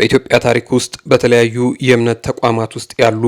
በኢትዮጵያ ታሪክ ውስጥ በተለያዩ የእምነት ተቋማት ውስጥ ያሉ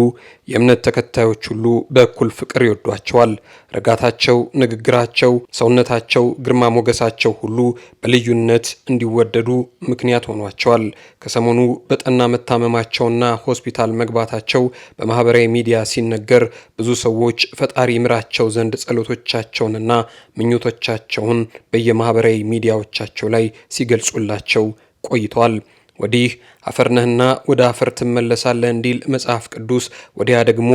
የእምነት ተከታዮች ሁሉ በእኩል ፍቅር ይወዷቸዋል። ረጋታቸው፣ ንግግራቸው፣ ሰውነታቸው፣ ግርማ ሞገሳቸው ሁሉ በልዩነት እንዲወደዱ ምክንያት ሆኗቸዋል። ከሰሞኑ በጠና መታመማቸውና ሆስፒታል መግባታቸው በማህበራዊ ሚዲያ ሲነገር ብዙ ሰዎች ፈጣሪ ምራቸው ዘንድ ጸሎቶቻቸውንና ምኞቶቻቸውን በየማህበራዊ ሚዲያዎቻቸው ላይ ሲገልጹላቸው ቆይተዋል። ወዲህ አፈርነህና ወደ አፈር ትመለሳለህ እንዲል መጽሐፍ ቅዱስ፣ ወዲያ ደግሞ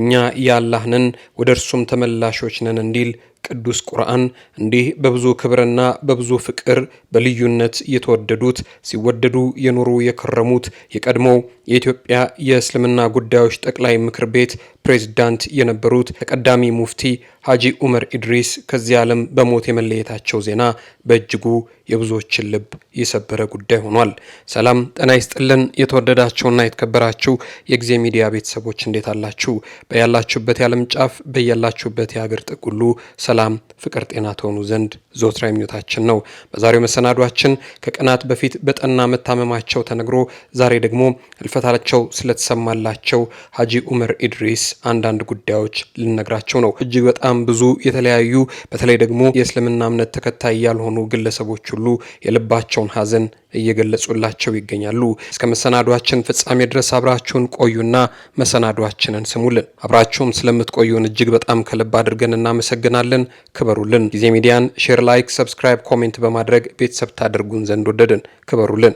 እኛ ያላህ ነን ወደ እርሱም ተመላሾች ነን እንዲል ቅዱስ ቁርአን እንዲህ በብዙ ክብርና በብዙ ፍቅር በልዩነት የተወደዱት ሲወደዱ የኖሩ የከረሙት የቀድሞው የኢትዮጵያ የእስልምና ጉዳዮች ጠቅላይ ምክር ቤት ፕሬዝዳንት የነበሩት ተቀዳሚ ሙፍቲ ሀጂ ዑመር ኢድሪስ ከዚህ ዓለም በሞት የመለየታቸው ዜና በእጅጉ የብዙዎችን ልብ የሰበረ ጉዳይ ሆኗል። ሰላም ጤና ይስጥልን። የተወደዳችሁና የተከበራችሁ የጊዜ ሚዲያ ቤተሰቦች እንዴት አላችሁ? በያላችሁበት የዓለም ጫፍ በያላችሁበት የሀገር ጥግ ሁሉ ሰላም፣ ፍቅር፣ ጤና ተሆኑ ዘንድ ዞትራ ምኞታችን ነው። በዛሬው መሰናዷችን ከቀናት በፊት በጠና መታመማቸው ተነግሮ ዛሬ ደግሞ ህልፈታቸው ስለተሰማላቸው ሀጂ ዑመር ኢድሪስ አንዳንድ ጉዳዮች ልነግራቸው ነው። እጅግ በጣም ብዙ የተለያዩ በተለይ ደግሞ የእስልምና እምነት ተከታይ ያልሆኑ ግለሰቦች ሁሉ የልባቸውን ሀዘን እየገለጹላቸው ይገኛሉ። እስከ መሰናዷችን ፍጻሜ ድረስ አብራችሁን ቆዩና መሰናዷችንን ስሙልን። አብራችሁም ስለምትቆዩን እጅግ በጣም ከልብ አድርገን እናመሰግናለን። ክበሩልን። ጊዜ ሚዲያን ሼር፣ ላይክ፣ ሰብስክራይብ፣ ኮሜንት በማድረግ ቤተሰብ ታደርጉን ዘንድ ወደድን። ክበሩልን።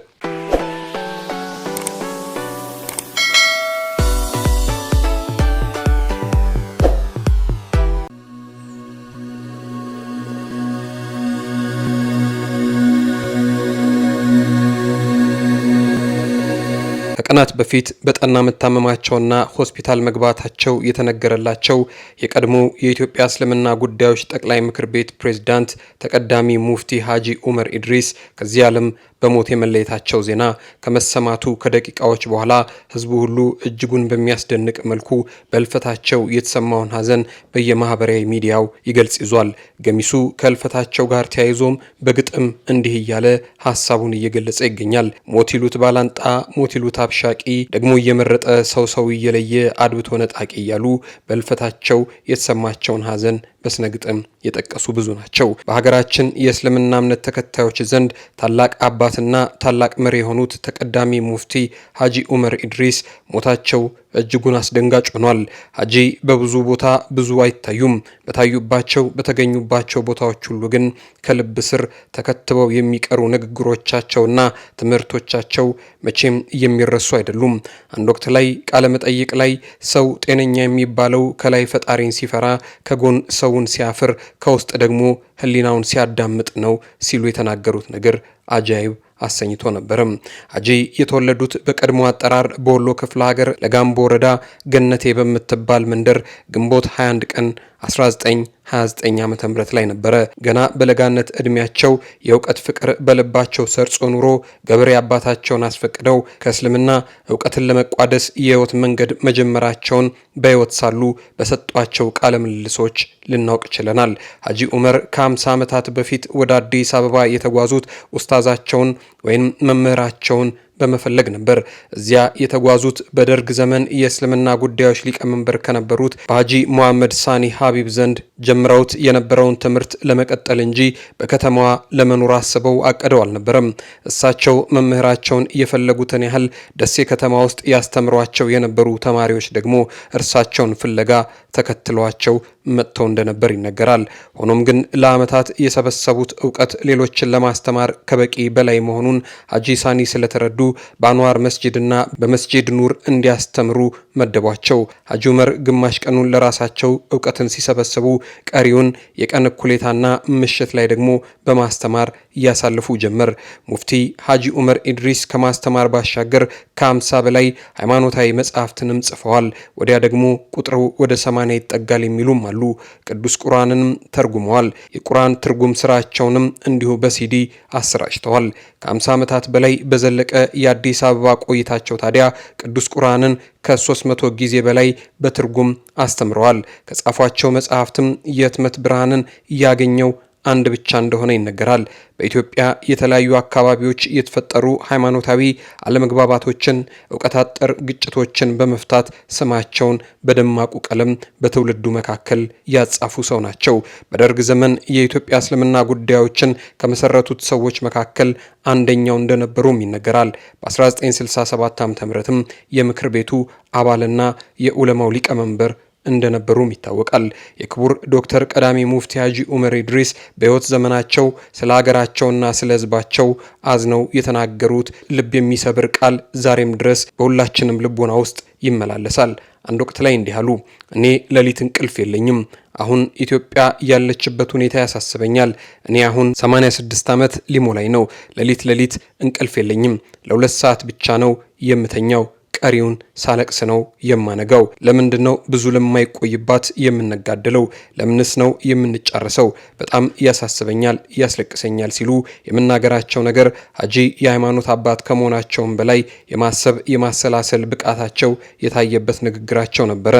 ከቀናት በፊት በጠና መታመማቸውና ሆስፒታል መግባታቸው የተነገረላቸው የቀድሞ የኢትዮጵያ እስልምና ጉዳዮች ጠቅላይ ምክር ቤት ፕሬዝዳንት ተቀዳሚ ሙፍቲ ሀጂ ኡመር ኢድሪስ ከዚህ ዓለም በሞት የመለየታቸው ዜና ከመሰማቱ ከደቂቃዎች በኋላ ህዝቡ ሁሉ እጅጉን በሚያስደንቅ መልኩ በእልፈታቸው የተሰማውን ሀዘን በየማህበራዊ ሚዲያው ይገልጽ ይዟል። ገሚሱ ከእልፈታቸው ጋር ተያይዞም በግጥም እንዲህ እያለ ሀሳቡን እየገለጸ ይገኛል። ሞት ይሉት ባላንጣ፣ ሞት ይሉት አብሻቂ፣ ደግሞ እየመረጠ ሰው ሰው እየለየ አድብቶ ነጣቂ እያሉ በእልፈታቸው የተሰማቸውን ሀዘን። በስነግጥም የጠቀሱ ብዙ ናቸው። በሀገራችን የእስልምና እምነት ተከታዮች ዘንድ ታላቅ አባትና ታላቅ መሪ የሆኑት ተቀዳሚ ሙፍቲ ሀጂ ኡመር ኢድሪስ ሞታቸው እጅጉን አስደንጋጭ ሆኗል። ሀጂ በብዙ ቦታ ብዙ አይታዩም። በታዩባቸው በተገኙባቸው ቦታዎች ሁሉ ግን ከልብ ስር ተከትበው የሚቀሩ ንግግሮቻቸውና ትምህርቶቻቸው መቼም የሚረሱ አይደሉም። አንድ ወቅት ላይ ቃለ መጠይቅ ላይ ሰው ጤነኛ የሚባለው ከላይ ፈጣሪን ሲፈራ፣ ከጎን ሰውን ሲያፍር፣ ከውስጥ ደግሞ ሕሊናውን ሲያዳምጥ ነው ሲሉ የተናገሩት ነገር አጃይብ አሰኝቶ ነበርም። አጂ የተወለዱት በቀድሞ አጠራር በወሎ ክፍለ ሀገር ለጋምቦ ወረዳ ገነቴ በምትባል መንደር ግንቦት 21 ቀን 1929 ዓ ም ላይ ነበረ። ገና በለጋነት ዕድሜያቸው የእውቀት ፍቅር በልባቸው ሰርጾ ኑሮ ገበሬ አባታቸውን አስፈቅደው ከእስልምና እውቀትን ለመቋደስ የህይወት መንገድ መጀመራቸውን በህይወት ሳሉ በሰጧቸው ቃለ ምልልሶች ልናውቅ ችለናል። ሐጂ ዑመር ከ50 ዓመታት በፊት ወደ አዲስ አበባ የተጓዙት ኡስታዛቸውን ወይም መምህራቸውን በመፈለግ ነበር እዚያ የተጓዙት። በደርግ ዘመን የእስልምና ጉዳዮች ሊቀመንበር ከነበሩት በሀጂ ሙሐመድ ሳኒ ሀቢብ ዘንድ ጀምረውት የነበረውን ትምህርት ለመቀጠል እንጂ በከተማዋ ለመኖር አስበው አቀደው አልነበረም። እሳቸው መምህራቸውን የፈለጉትን ያህል ደሴ ከተማ ውስጥ ያስተምሯቸው የነበሩ ተማሪዎች ደግሞ እርሳቸውን ፍለጋ ተከትሏቸው መጥተው እንደነበር ይነገራል። ሆኖም ግን ለዓመታት የሰበሰቡት እውቀት ሌሎችን ለማስተማር ከበቂ በላይ መሆኑን ሀጂ ሳኒ ስለተረዱ በአንዋር መስጂድና በመስጂድ ኑር እንዲያስተምሩ መደቧቸው። ሀጂ ዑመር ግማሽ ቀኑን ለራሳቸው እውቀትን ሲሰበስቡ፣ ቀሪውን የቀን እኩሌታና ምሽት ላይ ደግሞ በማስተማር እያሳልፉ ጀመር። ሙፍቲ ሀጂ ዑመር ኢድሪስ ከማስተማር ባሻገር ከአምሳ በላይ ሃይማኖታዊ መጽሐፍትንም ጽፈዋል። ወዲያ ደግሞ ቁጥሩ ወደ ሰማንያ ይጠጋል የሚሉም አሉ። ይገኛሉ። ቅዱስ ቁርአንንም ተርጉመዋል። የቁርአን ትርጉም ስራቸውንም እንዲሁ በሲዲ አሰራጭተዋል። ከ50 ዓመታት በላይ በዘለቀ የአዲስ አበባ ቆይታቸው ታዲያ ቅዱስ ቁርአንን ከ300 ጊዜ በላይ በትርጉም አስተምረዋል። ከጻፏቸው መጽሐፍትም የህትመት ብርሃንን እያገኘው አንድ ብቻ እንደሆነ ይነገራል። በኢትዮጵያ የተለያዩ አካባቢዎች የተፈጠሩ ሃይማኖታዊ አለመግባባቶችን፣ እውቀት አጠር ግጭቶችን በመፍታት ስማቸውን በደማቁ ቀለም በትውልዱ መካከል ያጻፉ ሰው ናቸው። በደርግ ዘመን የኢትዮጵያ እስልምና ጉዳዮችን ከመሰረቱት ሰዎች መካከል አንደኛው እንደነበሩም ይነገራል። በ1967 ምትም የምክር ቤቱ አባልና የዑለማው ሊቀመንበር እንደነበሩም ይታወቃል። የክቡር ዶክተር ቀዳሚ ሙፍቲ ሀጂ ኡመር ኢድሪስ በሕይወት ዘመናቸው ስለ ሀገራቸውና ስለ ሕዝባቸው አዝነው የተናገሩት ልብ የሚሰብር ቃል ዛሬም ድረስ በሁላችንም ልቦና ውስጥ ይመላለሳል። አንድ ወቅት ላይ እንዲህ አሉ። እኔ ሌሊት እንቅልፍ የለኝም። አሁን ኢትዮጵያ ያለችበት ሁኔታ ያሳስበኛል። እኔ አሁን 86 ዓመት ሊሞላኝ ነው። ሌሊት ሌሊት እንቅልፍ የለኝም። ለሁለት ሰዓት ብቻ ነው የምተኛው ቀሪውን ሳለቅስ ነው የማነጋው? ለምንድን ነው ብዙ ለማይቆይባት የምንጋደለው? ለምንስ ነው የምንጨርሰው? በጣም ያሳስበኛል፣ ያስለቅሰኛል ሲሉ የምናገራቸው ነገር ሀጂ የሃይማኖት አባት ከመሆናቸውም በላይ የማሰብ የማሰላሰል ብቃታቸው የታየበት ንግግራቸው ነበረ።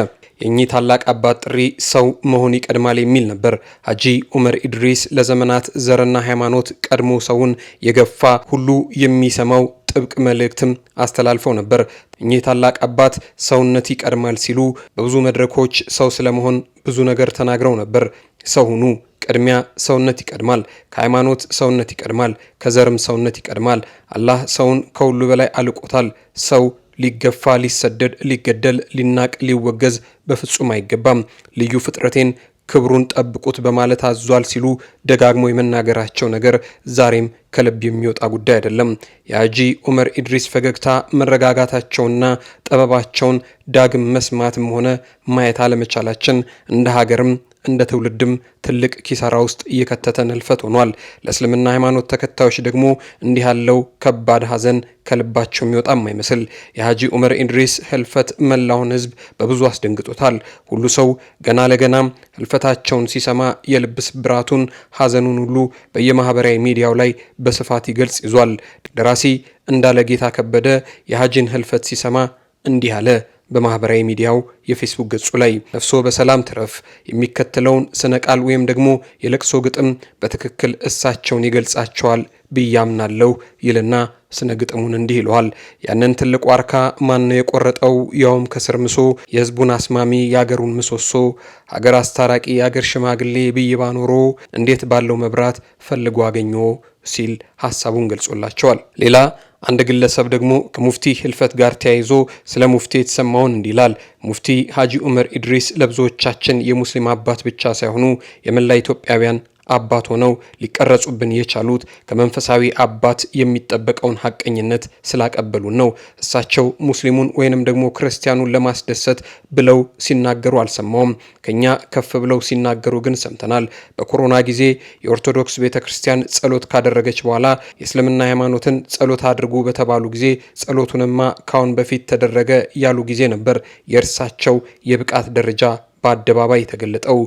የእኚህ ታላቅ አባት ጥሪ ሰው መሆን ይቀድማል የሚል ነበር። ሀጂ ኡመር ኢድሪስ ለዘመናት ዘርና ሃይማኖት ቀድሞ ሰውን የገፋ ሁሉ የሚሰማው ጥብቅ መልእክትም አስተላልፈው ነበር። እኚህ ታላቅ አባት ሰውነት ይቀድማል ሲሉ በብዙ መድረኮች ሰው ስለመሆን ብዙ ነገር ተናግረው ነበር። ሰው ሁኑ፣ ቅድሚያ ሰውነት ይቀድማል፣ ከሃይማኖት ሰውነት ይቀድማል፣ ከዘርም ሰውነት ይቀድማል። አላህ ሰውን ከሁሉ በላይ አልቆታል። ሰው ሊገፋ፣ ሊሰደድ፣ ሊገደል፣ ሊናቅ፣ ሊወገዝ በፍጹም አይገባም። ልዩ ፍጥረቴን ክብሩን ጠብቁት በማለት አዟል ሲሉ ደጋግሞ የመናገራቸው ነገር ዛሬም ከልብ የሚወጣ ጉዳይ አይደለም። የአጂ ኡመር ኢድሪስ ፈገግታ መረጋጋታቸውና ጥበባቸውን ዳግም መስማትም ሆነ ማየት አለመቻላችን እንደ ሀገርም እንደ ትውልድም ትልቅ ኪሳራ ውስጥ እየከተተን ህልፈት ሆኗል። ለእስልምና ሃይማኖት ተከታዮች ደግሞ እንዲህ ያለው ከባድ ሀዘን ከልባቸው የሚወጣም አይመስል። የሀጂ ዑመር ኢድሪስ ህልፈት መላውን ህዝብ በብዙ አስደንግጦታል። ሁሉ ሰው ገና ለገናም ህልፈታቸውን ሲሰማ የልብ ስብራቱን፣ ሀዘኑን ሁሉ በየማህበራዊ ሚዲያው ላይ በስፋት ይገልጽ ይዟል። ደራሲ እንዳለ ጌታ ከበደ የሀጂን ህልፈት ሲሰማ እንዲህ አለ። በማህበራዊ ሚዲያው የፌስቡክ ገጹ ላይ ነፍሶ በሰላም ትረፍ የሚከተለውን ስነ ቃል ወይም ደግሞ የለቅሶ ግጥም በትክክል እሳቸውን ይገልጻቸዋል ብያምናለሁ ይልና ስነ ግጥሙን እንዲህ ይለዋል። ያንን ትልቅ ዋርካ ማነው የቆረጠው? ያውም ከስር ምሶ የህዝቡን አስማሚ የአገሩን ምሰሶ ሀገር አስታራቂ የአገር ሽማግሌ ብዬ ባኖሮ እንዴት ባለው መብራት ፈልጎ አገኘ ሲል ሀሳቡን ገልጾላቸዋል። ሌላ አንድ ግለሰብ ደግሞ ከሙፍቲ ህልፈት ጋር ተያይዞ ስለ ሙፍቲ የተሰማውን እንዲህ ይላል። ሙፍቲ ሀጂ ዑመር ኢድሪስ ለብዙዎቻችን የሙስሊም አባት ብቻ ሳይሆኑ የመላ ኢትዮጵያውያን አባት ሆነው ሊቀረጹብን የቻሉት ከመንፈሳዊ አባት የሚጠበቀውን ሀቀኝነት ስላቀበሉን ነው። እሳቸው ሙስሊሙን ወይንም ደግሞ ክርስቲያኑን ለማስደሰት ብለው ሲናገሩ አልሰማውም። ከኛ ከፍ ብለው ሲናገሩ ግን ሰምተናል። በኮሮና ጊዜ የኦርቶዶክስ ቤተ ክርስቲያን ጸሎት ካደረገች በኋላ የእስልምና ሃይማኖትን ጸሎት አድርጉ በተባሉ ጊዜ ጸሎቱንማ ካሁን በፊት ተደረገ ያሉ ጊዜ ነበር የእርሳቸው የብቃት ደረጃ በአደባባይ የተገለጠው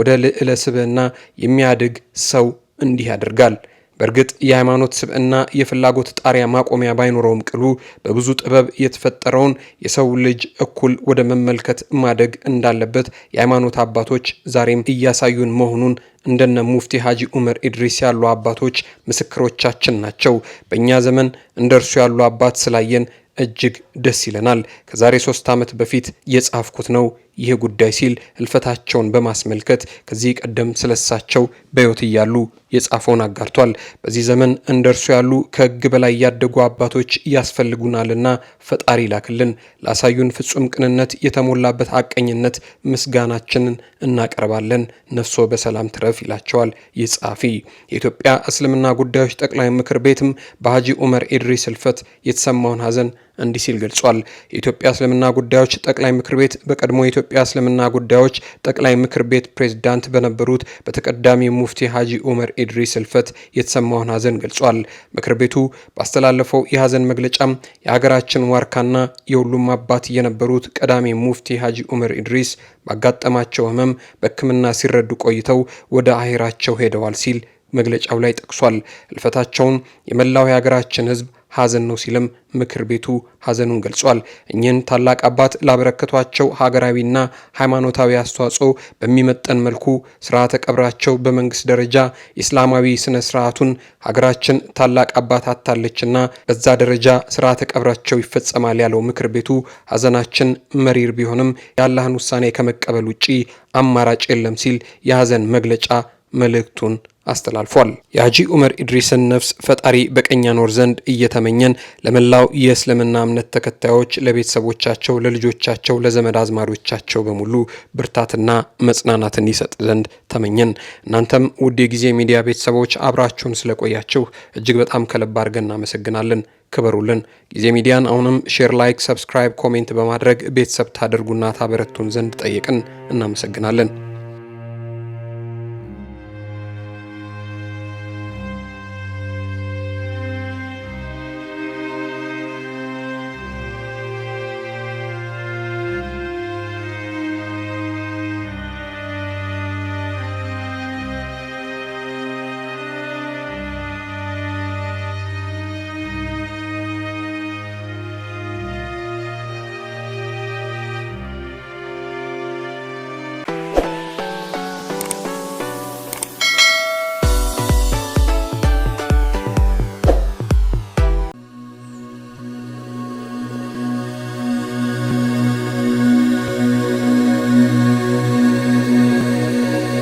ወደ ልዕለ ስብዕና የሚያድግ ሰው እንዲህ ያደርጋል። በእርግጥ የሃይማኖት ስብዕና የፍላጎት ጣሪያ ማቆሚያ ባይኖረውም ቅሉ በብዙ ጥበብ የተፈጠረውን የሰው ልጅ እኩል ወደ መመልከት ማደግ እንዳለበት የሃይማኖት አባቶች ዛሬም እያሳዩን መሆኑን እንደነ ሙፍቲ ሀጂ ኡመር ኢድሪስ ያሉ አባቶች ምስክሮቻችን ናቸው። በእኛ ዘመን እንደ እርሱ ያሉ አባት ስላየን እጅግ ደስ ይለናል። ከዛሬ ሶስት ዓመት በፊት የጻፍኩት ነው ይህ ጉዳይ ሲል ህልፈታቸውን በማስመልከት ከዚህ ቀደም ስለሳቸው በሕይወት እያሉ የጻፈውን አጋርቷል። በዚህ ዘመን እንደርሱ ያሉ ከህግ በላይ ያደጉ አባቶች ያስፈልጉናልና ፈጣሪ ይላክልን ላሳዩን ፍጹም ቅንነት የተሞላበት አቀኝነት ምስጋናችንን እናቀርባለን። ነፍሶ በሰላም ትረፍ ይላቸዋል ይህ ጸሐፊ። የኢትዮጵያ እስልምና ጉዳዮች ጠቅላይ ምክር ቤትም በሀጂ ኡመር ኢድሪስ ህልፈት የተሰማውን ሀዘን እንዲህ ሲል ገልጿል። የኢትዮጵያ እስልምና ጉዳዮች ጠቅላይ ምክር ቤት በቀድሞ የኢትዮጵያ እስልምና ጉዳዮች ጠቅላይ ምክር ቤት ፕሬዝዳንት በነበሩት በተቀዳሚ ሙፍቲ ሀጂ ኡመር ኢድሪስ ልፈት የተሰማውን ሀዘን ገልጿል። ምክር ቤቱ ባስተላለፈው የሀዘን መግለጫም የሀገራችን ዋርካና የሁሉም አባት የነበሩት ቀዳሚ ሙፍቲ ሀጂ ኡመር ኢድሪስ ባጋጠማቸው ህመም በሕክምና ሲረዱ ቆይተው ወደ አሄራቸው ሄደዋል ሲል መግለጫው ላይ ጠቅሷል። እልፈታቸውን የመላው የሀገራችን ህዝብ ሀዘን ነው ሲልም ምክር ቤቱ ሀዘኑን ገልጿል። እኚህን ታላቅ አባት ላበረከቷቸው ሀገራዊና ሃይማኖታዊ አስተዋጽኦ በሚመጠን መልኩ ስርዓተ ቀብራቸው በመንግስት ደረጃ ኢስላማዊ ስነ ስርዓቱን ሀገራችን ታላቅ አባት አታለችና በዛ ደረጃ ስርዓተ ቀብራቸው ይፈጸማል ያለው ምክር ቤቱ ሀዘናችን መሪር ቢሆንም የአላህን ውሳኔ ከመቀበል ውጪ አማራጭ የለም ሲል የሀዘን መግለጫ መልእክቱን አስተላልፏል። የሀጂ ዑመር ኢድሪስን ነፍስ ፈጣሪ በቀኝ ያኖር ዘንድ እየተመኘን ለመላው የእስልምና እምነት ተከታዮች ለቤተሰቦቻቸው፣ ለልጆቻቸው፣ ለዘመድ አዝማዶቻቸው በሙሉ ብርታትና መጽናናትን ይሰጥ ዘንድ ተመኘን። እናንተም ውድ የጊዜ ሚዲያ ቤተሰቦች አብራችሁን ስለቆያችሁ እጅግ በጣም ከልብ አድርገን እናመሰግናለን። ክበሩልን። ጊዜ ሚዲያን አሁንም ሼር፣ ላይክ፣ ሰብስክራይብ፣ ኮሜንት በማድረግ ቤተሰብ ታደርጉና ታበረቱን ዘንድ ጠየቅን። እናመሰግናለን።